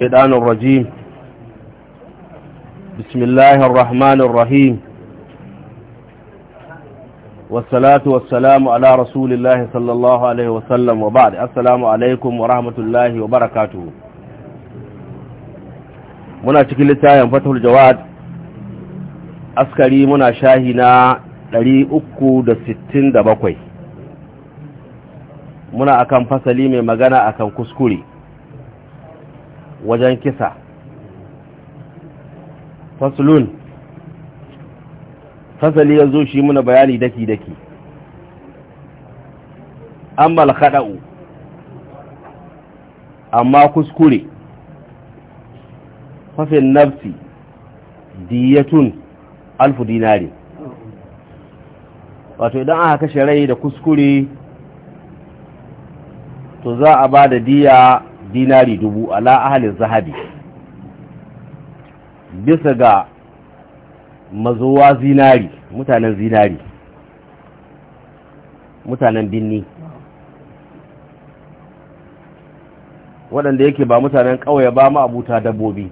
الشيطان الرجيم بسم الله الرحمن الرحيم والصلاة والسلام على رسول الله صلى الله عليه وسلم وبعد السلام عليكم ورحمة الله وبركاته منا cikin littafin Fathul Jawad askari muna shahina 367 muna akan fasali mai magana akan kuskure wajen kisa fasulun fasali ya zo shi muna bayani daki-daki amma kaɗau amma kuskure fafin nafsi diyatun alfu dinari wato idan aka kashe rai da kuskure to za a ba da diya dinari dubu ala ahalin zahabi bisa ga mazowa zinari mutanen zinari mutanen binni waɗanda yake ba mutanen ƙauye ba ma abuta dabbobi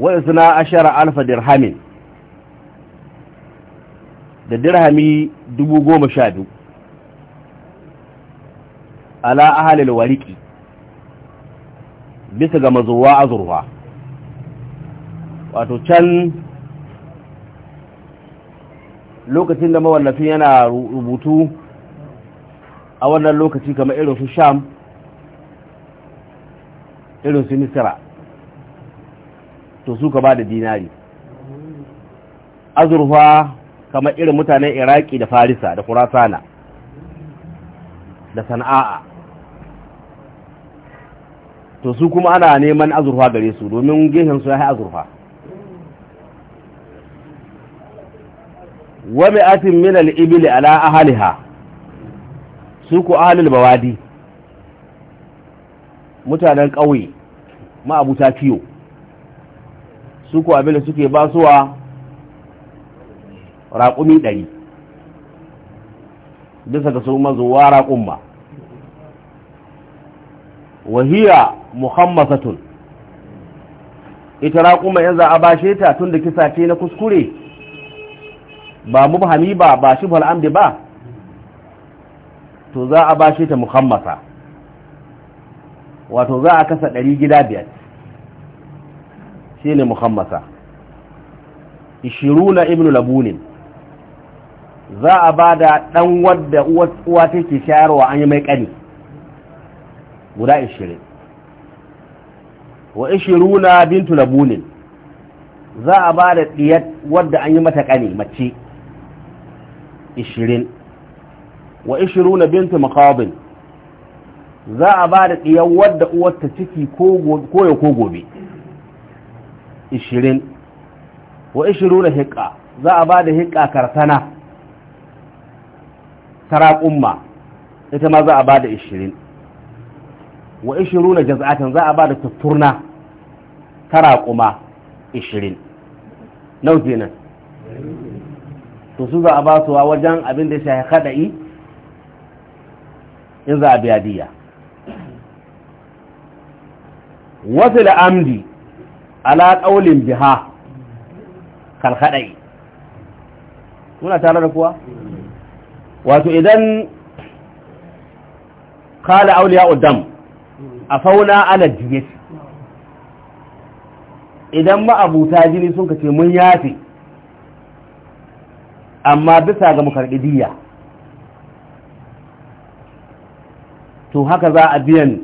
wa isna ashara alfa dirhamin da dirhami dubu goma sha biyu ala ahalil wariki bisa ga mazuwa azurwa wato can lokacin da mawallafin yana rubutu a wannan lokaci kamar irin su sham irin su misira to suka ba da dinari azurfa kamar irin mutanen iraki da farisa da kurasana da sana'a to su kuma ana neman azurfa gare su domin gehen su ya yi azurfa wa mi'atin min al-ibli ala ahliha su ku ahlul bawadi mutanen ƙauye ma'abuta kiyo su ku abin da suke basuwa raƙumi ɗari bisa ga su mazuwa raƙumma wahiya muhammasatun ita raƙuma yan za a bashe ta tun da kisa ce na kuskure ba mubhami ba ba shi fal'amdi ba to za a bashe ta muhammasa wato za a kasa ɗari gida biyar shi ne muhammasa na ibn labunin za a ba da ɗan wadda uwa take shayarwa an yi mai ƙani guda ishirin wa na bintu labunin za a ba da ɗiyar wadda an yi mata ƙani mace ishirin wa na bintu makabin za a ba da ɗiyar wadda uwata ciki koyo ko gobe ishirin wa na hiƙa za a ba da hiƙa karsana raƙumma ita ma za a ba da ishirin wa ishiru na jaz'atan za a ba da tutturna ta raƙuma ishirin nau kenan to su za a ba su wajen abin da shahi haɗai in za a biya diya wasu da amdi ala ƙaulin biha kalkaɗai muna tare da kuwa? wato idan kala auliya udam a fauna ala diyat idan ma'abuta jini sun kace mun yafi amma bisa ga mukarɗidiyya to haka za a biyan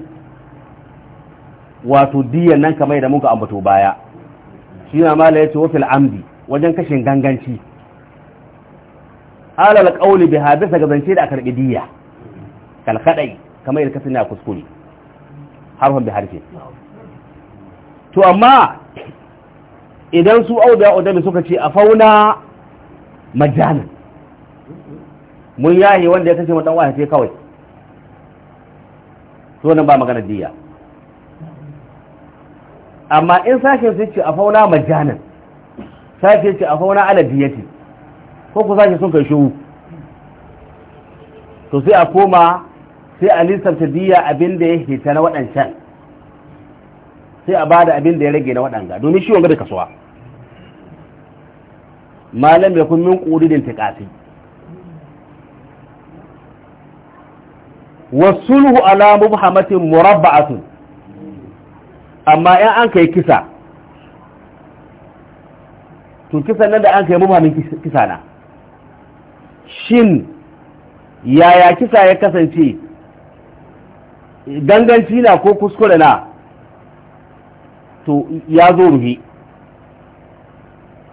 wato diyan nan kamar da muka ambato baya shi na mala ya ce wafil amdi wajen kashin ganganci alal qawli bi hadisa ga zance da karbi diya kal kamar yadda kasina kuskure harfan bi harfi to amma idan su auda auda suka ce a fauna majanan mun yahi wanda ya kashe mu dan waya sai kawai to nan ba magana diya amma in sashen sai ce a fauna majanan sake ce a fauna aladiyati. ko ku sake sun kai shi to sai a koma sai a lissafta diya abin da ya hita na waɗancan sai a bada abin da ya rage na waɗanga domin shi wanga da kasuwa malam ya kun min ƙuridin tiƙasi wasulhu ala mubhamatin murabba'atun amma in an kai kisa to kisa nan da an kai mubhamin kisa na shin yaya kisa ya kasance danganci na ko kuskure na to ya zo ruhi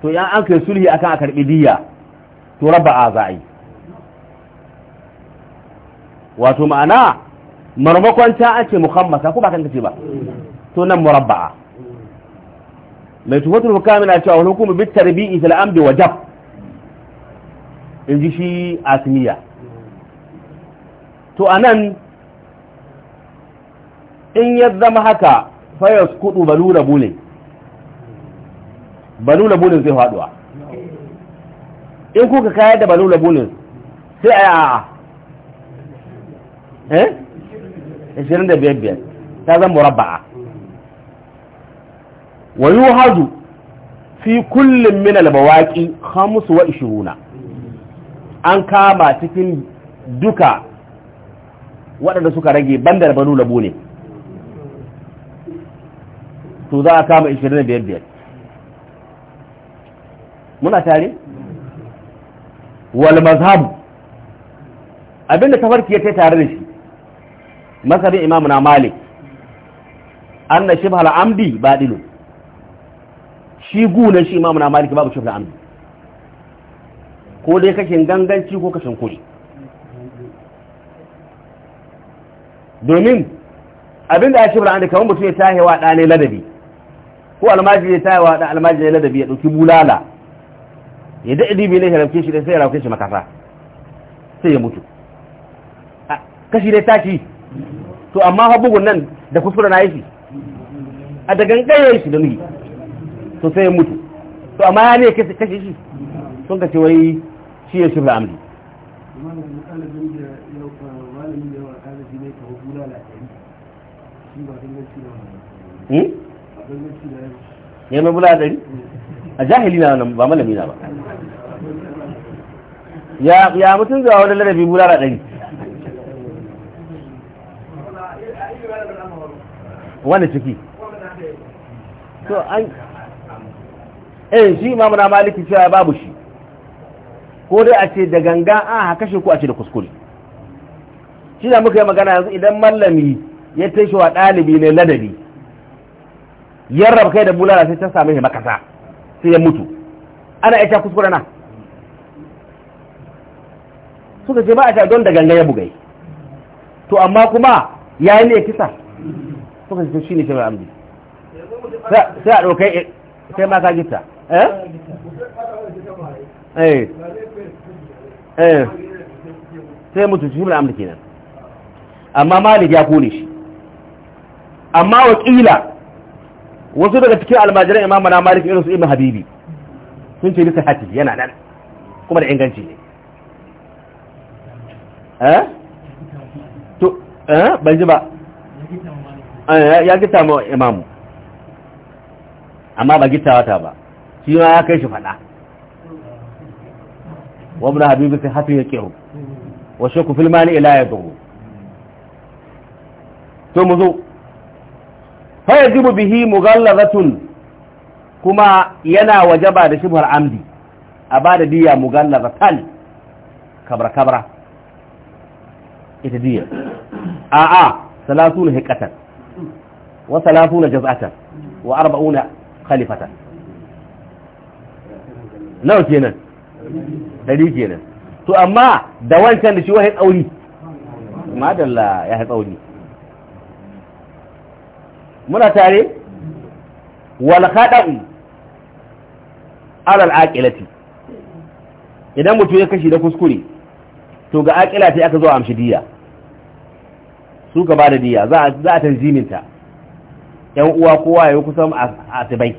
to ya an kai sulhi akan a karbi diya to raba a za yi wato ma'ana marmakon ta ake muhammad ta, ko ba kan ce ba to nan murabba'a mai tufatul hukami na cewa hukumu bit tarbi'i fil amdi wajab in ji shi asmiya to a nan in ya zama haka fayos kudu balula bulin balula bulin zai faduwa in kuka kayar da balula bulin sai a ya'a eh 25 ta zan murabba'a wa hajju fi kullum min wa 25 an kama cikin duka waɗanda suka rage bandar banu labu ne to za a kama 25 muna tare wal mazhab abinda tafarki ya tare da shi masarin imamu na malik an na shibhal ba baɗilu shi gunan shi imamu na malik babu shibhal amdi ko dai kashin ganganci ko kashin kuri domin abin da ya ce da kamar mutum ya wa ɗane ladabi ko almajiri ya wa ɗan almajiri ladabi ya ɗauki bulala ya da ɗibi ne haramke shi sai ya rauke shi makasa sai ya mutu kashi dai taki to amma ha bugun nan da kuskure na yi a da gangaye shi da nuhi to sai ya mutu to amma ya ne kashi shi sun ka ce wai shi ya shirya amri. Hmm? ya mai bula dari a jahili na ba malami na ba ya mutum zuwa wani ladabi bula da dari wani ciki to an eh shi imamu na maliki cewa babu shi ko dai a ce da ganga a kashe ko a ce da kuskure shi da muka yi magana yanzu idan mallami ya tashi wa ɗalibi ne ladabi yarraba kai da bulala sai ta samu shi makasa sai ya mutu ana ita kuskure na suka ce ba a ta don da ganga ya bugai to amma kuma ya yi ne kisa suka ce shi ne shi mai amdi sai a ɗaukai sai eh, ma ka gita eh, eh. Eh, sai mutu shi mun kenan amma malik ya kone shi amma wakila wasu daga cikin almajiran imam na malik irin su ibn habibi sun ce bisa hati yana nan kuma da inganci ne eh to eh ban ji ba eh, ya gita ma imamu amma ba gitawa ta ba shi ma ya kai shi fada وابن حبيب صحته يكره والشك في المال لا يضر ثم ذو فيجب به مغلظة كما ينا وجب لشبه العمد أباد دي مغلظة كبرة كبرة إتدية آآ آه ثلاثون هكة وثلاثون جزعة وأربعون خلفة نو كينا dari kenan to amma da wancan da shi wani tsauri madalla ya tsauri muna tare wal khada'u alal aqilati idan mutum ya kashi da kuskure to ga aqila aka zo amshi diya su ka da diya za a za a tanziminta yan uwa kowa yayi kusan asibai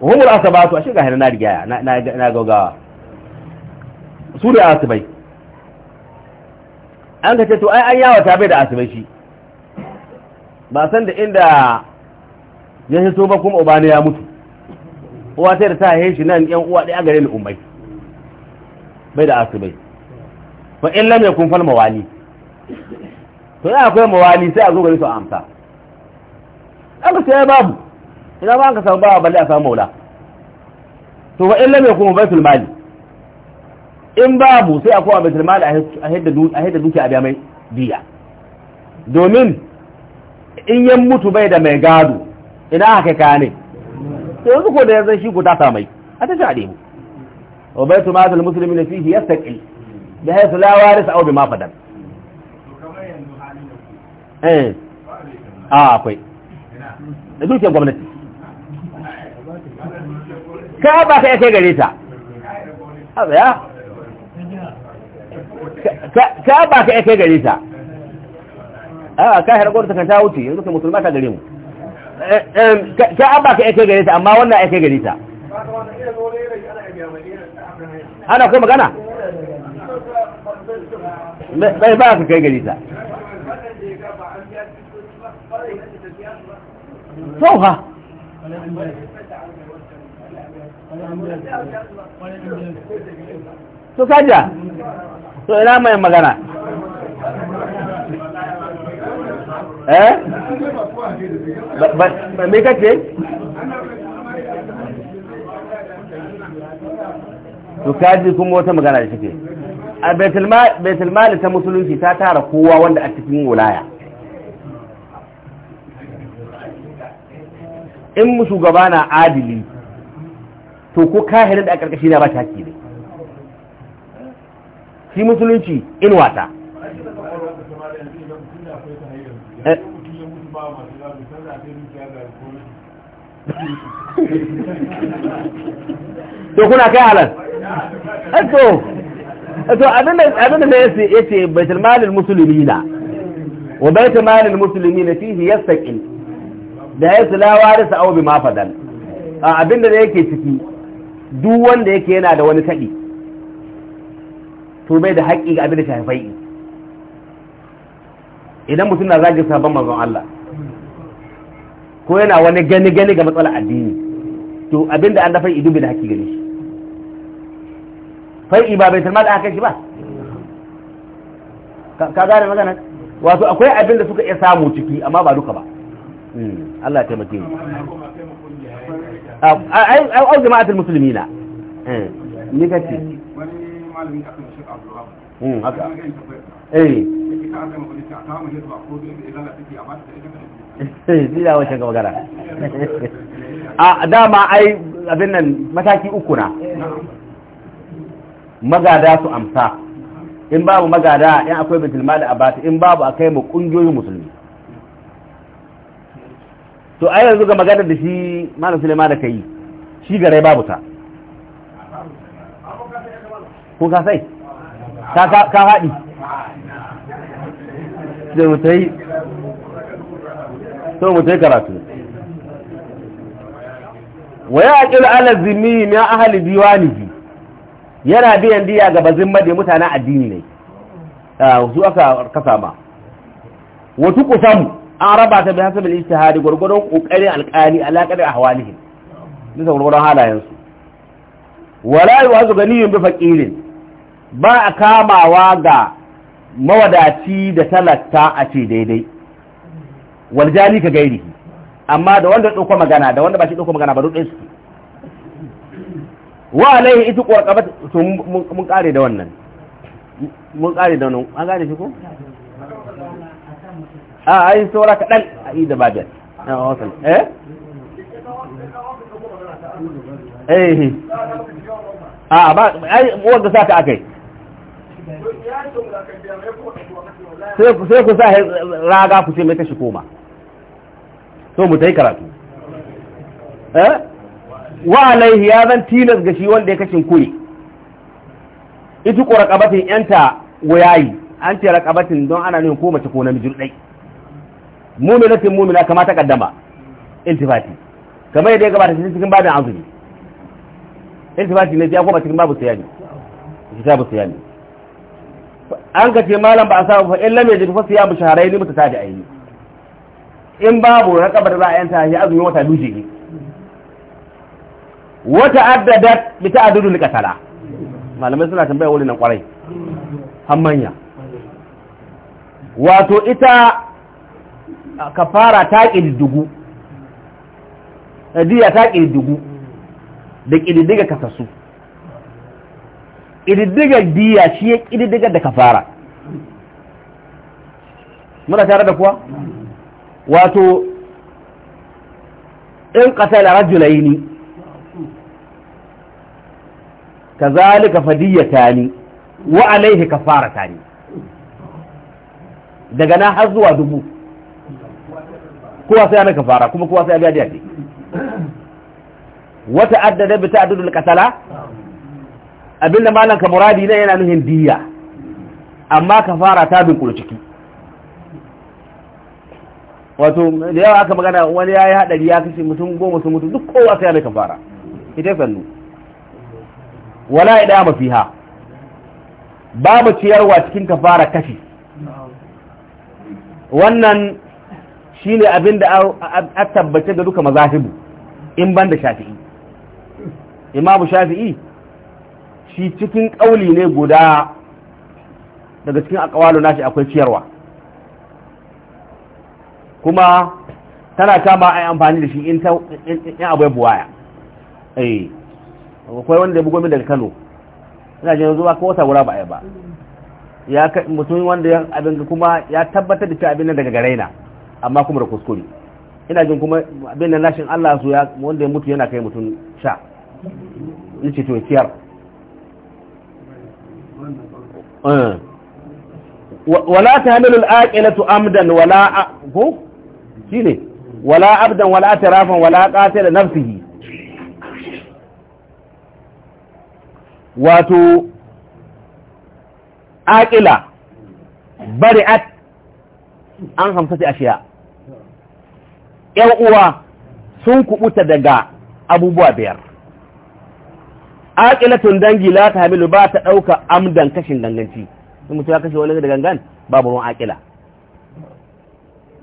humul asabatu ashe ga hana na riga na na su da asibai an ka ce to ai an yawata bai da asibai shi ba san da inda ya hito ba kuma ubani ya mutu uwa ta da ta haihe shi nan yan uwa ɗaya gare ni umai bai da asibai fa in lam yakun fal mawali to ya akwai mawali sai a zo gari su amsa ka sai babu idan ba an ka samu ba balle a samu maula to fa in lam yakun baitul mali in babu sai a kowa bai a haida duki a biya mai biya domin in yan mutu bai da mai gado ina aka kaya ne yanzu ko da yanzu shi ku ta mai a ta shaɗe mu wa bai tumatul musulmi na fihi ya saƙi da haisu lawari sa'au bi mafadan eh a akwai da dukiyar gwamnati ka ba ka yake gare ta a tsaya Ka ba ka kai gare ta a ka harkar ta kan ta wuce yanzu kai musulma ta gare mu eh, eh, Ka ba ka kai gare ta amma wannan ya kai gare ta ana kai magana bai ba ka kai gare ta sauha to kajiya to ina mai magana eh ba me kace to kaji kuma wata magana da kike a baitul mal ta musulunci ta tara kowa wanda a cikin wulaya in shugaba na adili to ko kahirin da a karkashi na ba taki ne shi musulunci wata eh. to kuna kai halar eto eh, eto eh, abinda da ya ce baitul malil musulmi na wa baitul malil musulmi na fihi yastaqil da ya sula warisa au bi mafadal abinda ah, da yake ciki duk wanda yake yana da wani taɗi to bai da haƙƙi ga abin da shafi fai'i idan mutum na zagin sabon mazan Allah ko yana wani gani gani ga matsala addini to abin da an Allah fai'i dubi da haƙƙi gani shi fa'i ba bai tarma da haka shi ba ka gane magana wato akwai abin da suka iya samu ciki amma ba duka ba Allah ya taimake ni a ai ai jama'atul muslimina ni kace da aka eh, a dama ai abin nan mataki uku na magada su amsa in babu magada in akwai bitilma da abata in babu a kai mu musulmi to a yanzu ga magana da shi malam suleiman da kai shi garai babu ta ko ka sai ka haɗi da mu ta yi so mu ta yi karatu wa ya aƙil ala zimmi na ahali diwani yana biyan diya ga bazin made mutane addini ne ah, su aka kasa ma wasu kusan an raba ta bi hasabin ijtihadi gwargwadon kokarin alƙali a ahwalihim bisa gwargwadon halayensu wala yu'azu ganiyun bi faqirin ba a kamawa ga mawadaci da talatta a ce daidai waljani ka gairi amma da wanda ɗauko magana da wanda ba shi ɗauko magana ba dutse su wa alaihi ita ƙwarƙaba to mun ƙare da wannan mun ƙare da wannan an gane shi ko a yi saura kaɗan a yi da babiyar na wasan eh eh a ba ai wanda sa ta akai sai ku sa raga ku ce mai kashi koma so mu ta yi karatu eh? wa alaihi ya zan tilas ga shi wanda ya kashin kuri ita ko rakabatin yanta wayayi an ce rakabatin don ana nuna ko mace ko mijir dai mu'minatin mu'mina kama ta kaddama intifati kamar yadda ya gabata cikin babin azumi intifati ne ya koma cikin babu siyani an ka ce malam ba a samu fa illa mai jikin siya bu shaharai ne mutu da aini in babu na kabar za a shi azumi wata duje ne wata addada bi ta addudu ni tala malamai suna tambaya wurin nan kwarai hammanya wato ita kafara ta kididdugu diya ta kididdugu da kididdiga kasasu ƙididdigar diya shi ya ƙididdigar da kafara muna tare da kuwa wato in qatala rajulaini ta fadiyatani wa alaihi kafaratani daga na har zuwa dubu kowa sai ana kafara kuma kowa sai ya da ya ce wata addada bi da qatala abinda malam ka muradi ne yana nuhin diya amma ka fara ta dunkul ciki wato da yawa aka magana wani ya yi haɗari ya kashe mutum goma sun mutu duk kowa sai ka fara ita sannu wala ya dama fiha babu ciyarwa cikin ka fara kashi wannan shi ne abin da a tabbace da duka mazahibu in ban da shafi'i imamu shafi'i shi cikin ƙauli ne guda daga cikin akawalu nashi akwai ciyarwa kuma tana kama a yi amfani da shi in abai buwaya eh akwai wanda ya bugomi daga kano ina jin zuwa ko wata wura ba a yi ba ya mutum wanda ya abin kuma ya tabbatar da cewa abin nan daga garaina amma kuma da kuskure ina jin kuma abin nan nashin Allah su ya wanda ya mutu yana kai mutum sha ni ce to ciyar Eh. wala ta hamilul aqilatu amdan wala ko shine wala abdan wala tarafan wala qatila nafsihi wato aqila bari'at an a ashiya yan uwa sun kubuta daga abubuwa biyar aqilatun dangi la ta hamilu ba ta dauka amdan kashin ganganci in mutum ya kashe wani da gangan babu ruwan aqila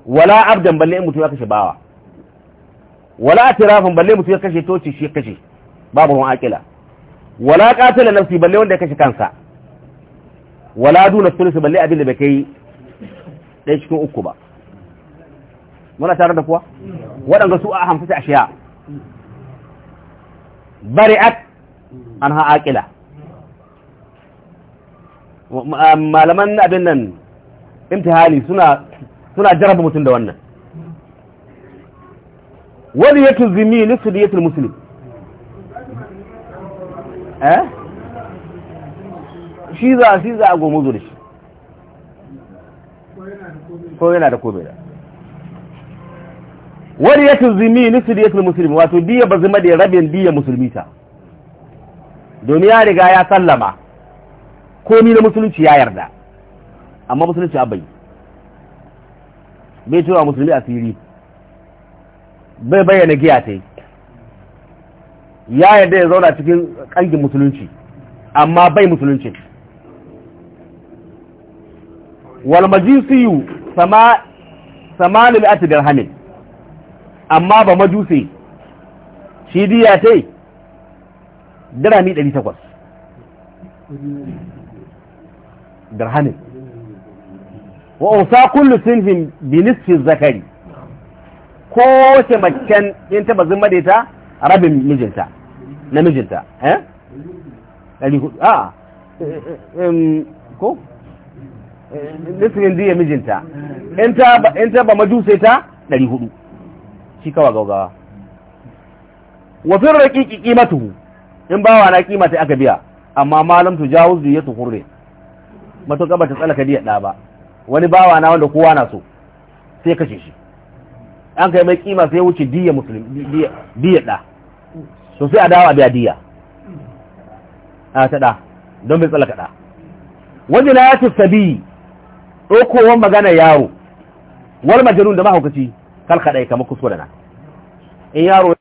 wala abdan balle in mutum ya kashe bawa wala atirafin balle mutum ya kashe toci shi kashe babu ruwan aqila wala qatala nafsi balle wanda ya kashe kansa wala duna sulus balle abin da bai kai dai cikin uku ba muna tare da kuwa waɗanda su a ta ashiya bari'at an ha malaman abin nan imtihani suna suna jaraba mutum da wannan wani ya tuzumi ni su musulun eh shi za shi za a gomu zuri shi ko yana da kome da wani ya tuzumi ni su musulun wato diya ba zama da rabin diya musulmi domin ya riga ya sallama komi na musulunci ya yarda amma musulunci abai bai cewa musulmi asiri bai bayyana giya ta ya yarda ya zauna cikin kangin musulunci amma bai musulunci wal majusiyu sama samanu bi ati dirhamin amma ba majusi shi diya tai dirami 800 dirhamin wa usa kullu sinfin bi nisfi zakari ko wace macen in ta bazin madaita rabin mijinta na mijinta eh a ah, eh, eh, ko eh, nisfin diya mijinta in taɓa ba majusai ta ɗari 400 shi kawa gaugawa wafin raƙiƙi ƙimatuhu in ba wa na kima ta aka biya amma malam tu jawuz ya tuhurre matuƙa ba ta tsalaka diyar ɗa ba wani ba wa na wanda kowa na so sai kashe shi an kai mai kima sai wuce diya musulun diya ɗa so sai a dawa biya diya a ta ɗa don bai tsalaka ɗa wani na ya ce sabi ɗaukowar magana yaro wal majalun da mahaukaci kalkaɗai kamar kusurana in yaro